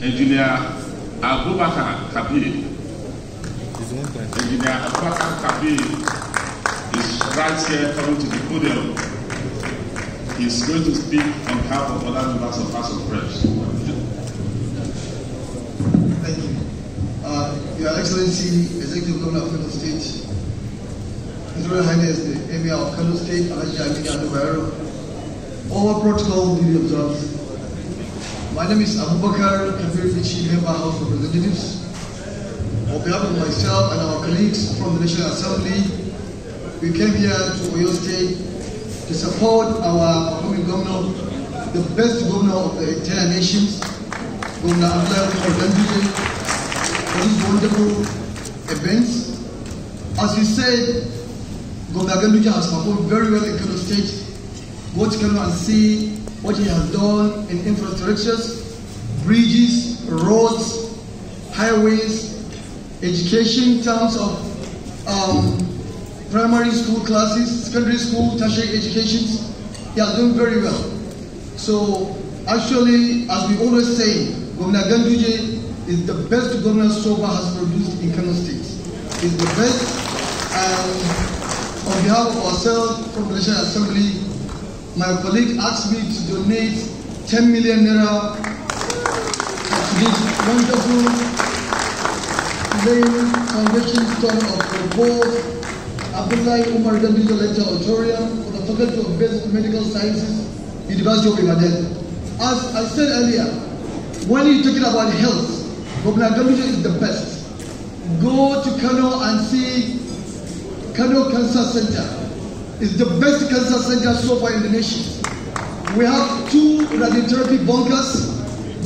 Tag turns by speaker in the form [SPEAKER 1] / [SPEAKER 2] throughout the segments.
[SPEAKER 1] Engineer Abubakar Kabir. Engineer Abubakar Kabir is right here coming to the podium. He's going to speak on behalf of other members of House of Reps. Thank you. Uh, Your Excellency, Executive Governor of Federal State, His Royal Highness, the Emir of Kano State, Alaji Amini Adubayaro, all protocol duly observed. My name is Abubakar Bakr Kafirfi, Chief Member House of Representatives. On behalf of myself and our colleagues from the National Assembly, we came here to Oyo State to support our upcoming governor, the best governor of the entire nation, Governor Abdullah Kanduje, for this wonderful event. As you said, Governor Ganduja has performed very well in Kano State what you can see what he has done in infrastructures, bridges, roads, highways, education in terms of um, primary school classes, secondary school, tertiary education. He has done very well. So actually, as we always say, Governor Ganduje is the best governor Soba has produced in Kano State. He's the best. And on behalf of ourselves from the National Assembly, my colleague asked me to donate 10 million naira to this wonderful main foundation, stone of both Abdullahi Umar Dambizo Auditorium for the Faculty of Basic Medical Sciences, University of Ibadan. As I said earlier, when you're talking about health, Governor Dambizo is the best. Go to Kano and see Kano Cancer Center. It's the best cancer center so far in the nation. We have two radiotherapy bunkers,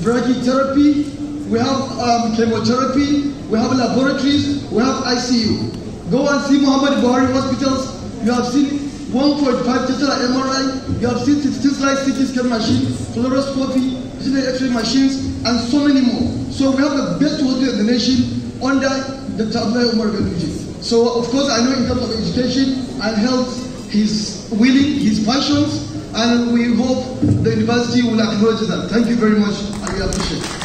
[SPEAKER 1] brachytherapy, we have um, chemotherapy, we have laboratories, we have ICU. Go and see Muhammad Buhari hospitals. You have seen 1.5 Tesla MRI, you have seen 16 slide CT scan machine, fluoroscopy, digital X-ray machines, and so many more. So we have the best hospital in the nation under the Tabla Umar So of course I know in terms of education and health, his willing, his passions, and we hope the university will acknowledge that. Thank you very much. I appreciate it.